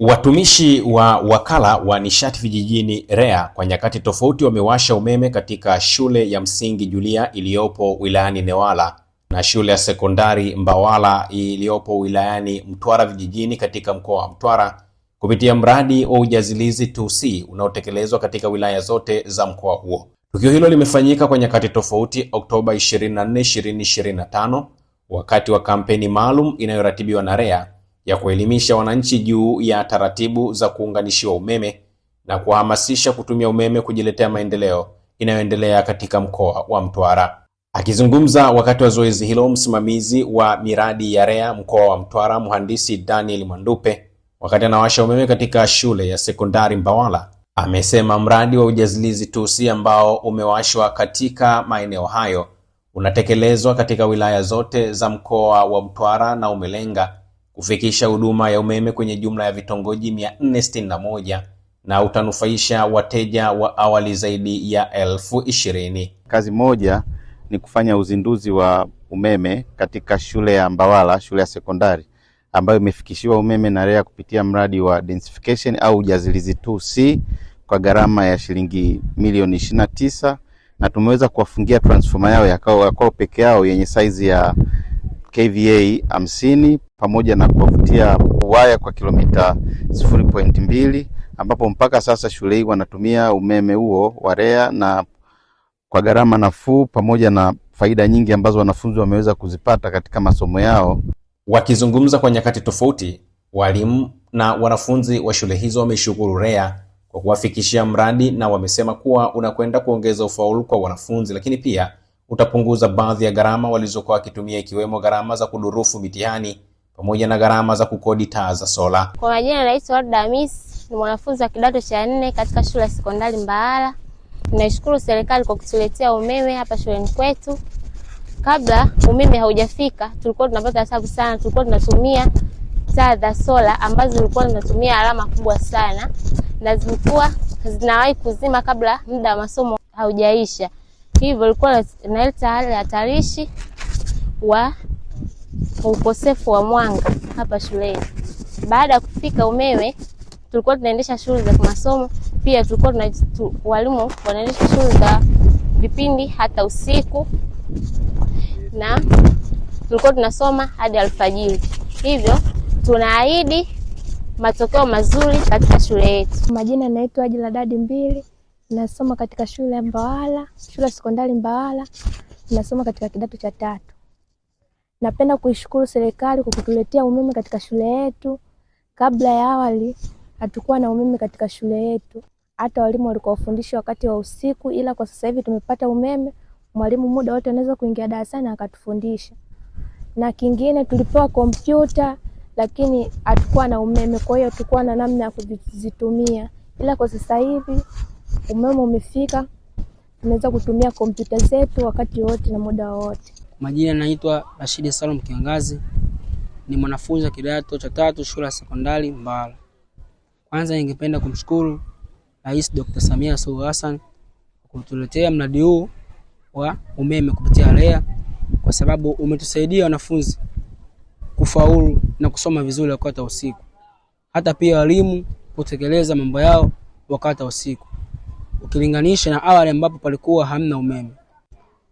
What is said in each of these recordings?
Watumishi wa wakala wa nishati vijijini REA kwa nyakati tofauti wamewasha umeme katika shule ya msingi Julia iliyopo wilayani Newala na shule ya sekondari Mbawala iliyopo wilayani Mtwara vijijini katika mkoa wa Mtwara kupitia mradi wa ujazilizi 2C unaotekelezwa katika wilaya zote za mkoa huo. Tukio hilo limefanyika kwa nyakati tofauti Oktoba 24, 2025 wakati wa kampeni maalum inayoratibiwa na REA ya kuelimisha wananchi juu ya taratibu za kuunganishiwa umeme na kuwahamasisha kutumia umeme kujiletea maendeleo inayoendelea katika mkoa wa Mtwara. Akizungumza wakati wa zoezi hilo, msimamizi wa miradi ya REA mkoa wa Mtwara, mhandisi Daniel Mwandupe, wakati anawasha umeme katika shule ya sekondari Mbawala, amesema mradi wa ujazilizi tusi ambao umewashwa katika maeneo hayo unatekelezwa katika wilaya zote za mkoa wa Mtwara na umelenga kufikisha huduma ya umeme kwenye jumla ya vitongoji 461 na utanufaisha wateja wa awali zaidi ya elfu ishirini. Kazi moja ni kufanya uzinduzi wa umeme katika shule ya Mbawala, shule ya sekondari ambayo imefikishiwa umeme na REA kupitia mradi wa densification au ujazilizi 2C kwa gharama ya shilingi milioni 29 na tisa na tumeweza kuwafungia transforma yao ya kwao peke yao yenye saizi ya KVA hamsini pamoja na kuwavutia waya kwa kilomita 0.2 ambapo mpaka sasa shule hii wanatumia umeme huo wa REA na kwa gharama nafuu pamoja na faida nyingi ambazo wanafunzi wameweza kuzipata katika masomo yao. Wakizungumza kwa nyakati tofauti, walimu na wanafunzi wa shule hizo wameshukuru REA kwa kuwafikishia mradi na wamesema kuwa unakwenda kuongeza ufaulu kwa wanafunzi, lakini pia utapunguza baadhi ya gharama walizokuwa wakitumia ikiwemo gharama za kudurufu mitihani pamoja na gharama za kukodi taa za sola. Kwa majina naitwa Warda Hamisi, ni mwanafunzi wa kidato cha nne katika shule ya sekondari Mbahala. Naishukuru serikali kwa kutuletea umeme hapa shuleni kwetu. Kabla umeme haujafika, tulikuwa tunapata tabu sana, tulikuwa tunatumia taa za sola ambazo zilikuwa zinatumia alama kubwa sana na zilikuwa zinawahi kuzima kabla muda wa masomo haujaisha, hivyo ilikuwa inaleta hali hatarishi wa kwa ukosefu wa mwanga hapa shuleni. Baada ya kufika Umewe, tulikuwa tunaendesha shughuli za masomo, pia, tulikuwa tuna walimu wanaendesha shughuli za vipindi hata usiku, na tulikuwa tunasoma hadi alfajiri. Hivyo tunaahidi matokeo mazuri katika shule yetu. Majina yanaitwa Ajila Dadi Mbili, nasoma katika shule ya Mbawala, shule ya sekondari Mbawala, nasoma katika kidato cha tatu. Napenda kuishukuru serikali kwa kutuletea umeme katika shule yetu. Kabla ya awali hatukuwa na umeme katika shule yetu, hata walimu walikuwa wafundishi wakati wa usiku, ila kwa sasa hivi tumepata umeme. Mwalimu muda wote anaweza kuingia darasani akatufundisha. Na kingine tulipewa kompyuta, lakini hatukuwa na umeme, kwa hiyo tulikuwa na namna ya kuzitumia, ila kwa sasa hivi umeme umefika, tunaweza kutumia kompyuta zetu wakati wote na muda wote. Majina naitwa Rashid Salum Kiangazi, ni mwanafunzi wa kidato cha tatu shule ya sekondari mbala Kwanza ningependa kumshukuru Rais Dr. Samia Suluhu Hassan kwa kutuletea mradi huu wa umeme kupitia REA kwa sababu umetusaidia wanafunzi kufaulu na kusoma vizuri wakati wa usiku, hata pia walimu kutekeleza mambo yao wakati wa usiku ukilinganisha na awali ambapo palikuwa hamna umeme.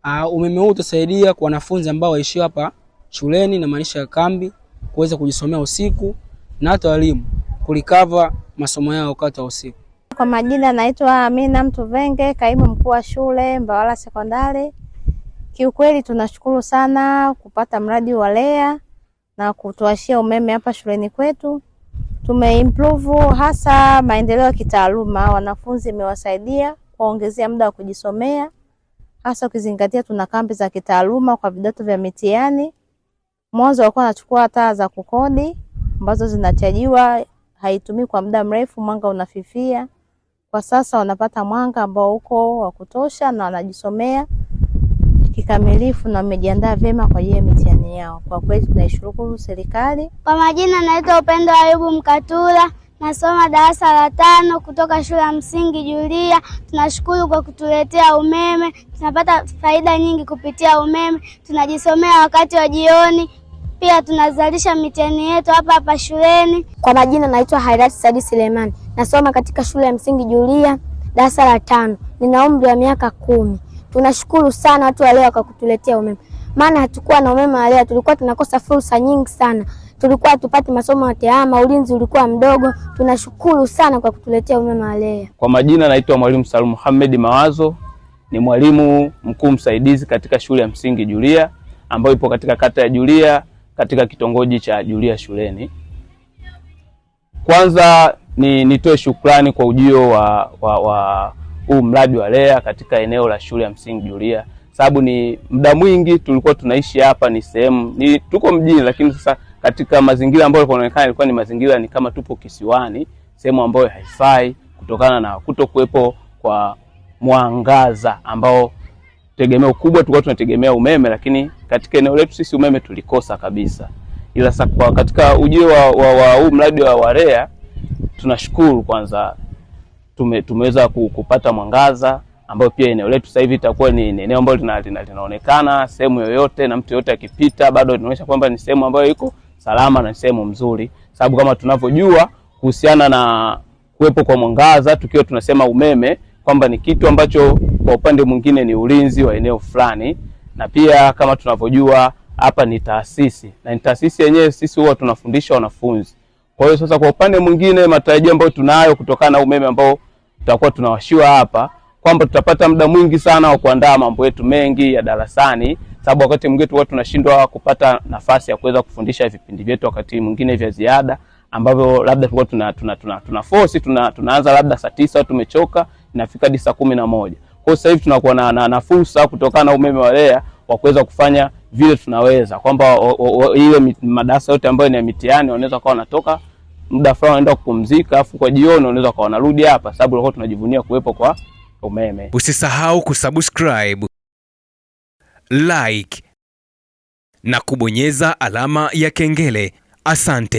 Uh, umeme huu utasaidia kwa wanafunzi ambao waishio hapa shuleni na maanisha ya kambi kuweza kujisomea usiku na hata walimu kulikava masomo yao wakati wa usiku. Kwa majina naitwa Amina Mtuvenge, kaimu mkuu wa shule Mbawala Sekondari. Kiukweli tunashukuru sana kupata mradi wa REA na kutuashia umeme hapa shuleni kwetu. Tumeimprove hasa maendeleo ya kitaaluma, wanafunzi imewasaidia kuwaongezea muda wa kujisomea hasa ukizingatia tuna kambi za kitaaluma kwa vidato vya mitihani. Mwanzo walikuwa wanachukua taa za kukodi ambazo zinachajiwa, haitumii kwa muda mrefu, mwanga unafifia. Kwa sasa wanapata mwanga ambao uko wa kutosha na wanajisomea kikamilifu na wamejiandaa vyema kwa ajili ya mitihani yao. Kwa kweli tunaishukuru serikali. Kwa majina naitwa Upendo Ayubu Mkatula Nasoma darasa la tano kutoka shule ya msingi Julia. Tunashukuru kwa kutuletea umeme, tunapata faida nyingi kupitia umeme. Tunajisomea wakati wa jioni, pia tunazalisha mitihani yetu hapa hapa shuleni. Kwa majina naitwa Hairat Sadi Selemani, nasoma katika shule ya msingi Julia darasa la tano, nina umri wa miaka kumi. Tunashukuru sana watu wa leo kwa kutuletea umeme, maana hatukuwa na umeme wa leo, tulikuwa tunakosa fursa nyingi sana tulikuwa tupate masomo ya tehama, ulinzi ulikuwa mdogo. Tunashukuru sana kwa kutuletea umeme wa REA. Kwa majina naitwa Mwalimu Salum Muhammad Mawazo, ni mwalimu mkuu msaidizi katika shule ya msingi Julia ambayo ipo katika kata ya Julia katika kitongoji cha Julia shuleni. Kwanza ni nitoe shukrani kwa ujio wa wa, wa huu mradi wa REA katika eneo la shule ya msingi Julia, sababu ni muda mwingi tulikuwa tunaishi hapa, ni sehemu ni tuko mjini, lakini sasa katika mazingira ambayo yanaonekana ilikuwa ni mazingira ni kama tupo kisiwani, sehemu ambayo haifai kutokana na kuto kwa mwangaza ambao tegemeo kubwa tulikuwa tunategemea umeme, lakini katika eneo letu sisi umeme tulikosa kabisa. Ila sakwa, katika ujio wa, wa, wa huu mradi wa Warea tunashukuru kwanza tume, tumeweza kupata mwangaza ambayo pia eneo letu sasa hivi itakuwa ni eneo ambalo linaonekana sehemu yoyote na mtu yoyote akipita bado inaonyesha kwamba ni sehemu ambayo iko salama na sehemu mzuri, sababu kama tunavyojua kuhusiana na kuwepo kwa mwangaza, tukiwa tunasema umeme kwamba ni kitu ambacho kwa upande mwingine ni ulinzi wa eneo fulani, na pia kama tunavyojua hapa ni taasisi na ni taasisi yenyewe, sisi huwa tunafundisha wanafunzi. Kwa hiyo sasa, kwa upande mwingine, matarajio ambayo tunayo kutokana na umeme ambao tutakuwa tunawashiwa hapa, kwamba tutapata muda mwingi sana wa kuandaa mambo yetu mengi ya darasani sababu wakati mwingine tuwa tunashindwa kupata nafasi ya kuweza kufundisha vipindi vyetu wakati mwingine vya ziada ambavyo labda tulikuwa tuna tuna tuna, tuna force tuna, tunaanza labda saa tisa tumechoka inafika hadi saa kumi na moja. Kwa hiyo sasa hivi tunakuwa na, na, na fursa kutokana na umeme wa REA wa kuweza kufanya vile tunaweza kwamba ile madarasa yote ambayo ni ya mitihani wanaweza kuwa wanatoka muda fulani wanaenda kupumzika, afu kwa jioni wanaweza kuwa wanarudi hapa, sababu tulikuwa tunajivunia kuwepo kwa umeme. Usisahau kusubscribe like na kubonyeza alama ya kengele. Asante.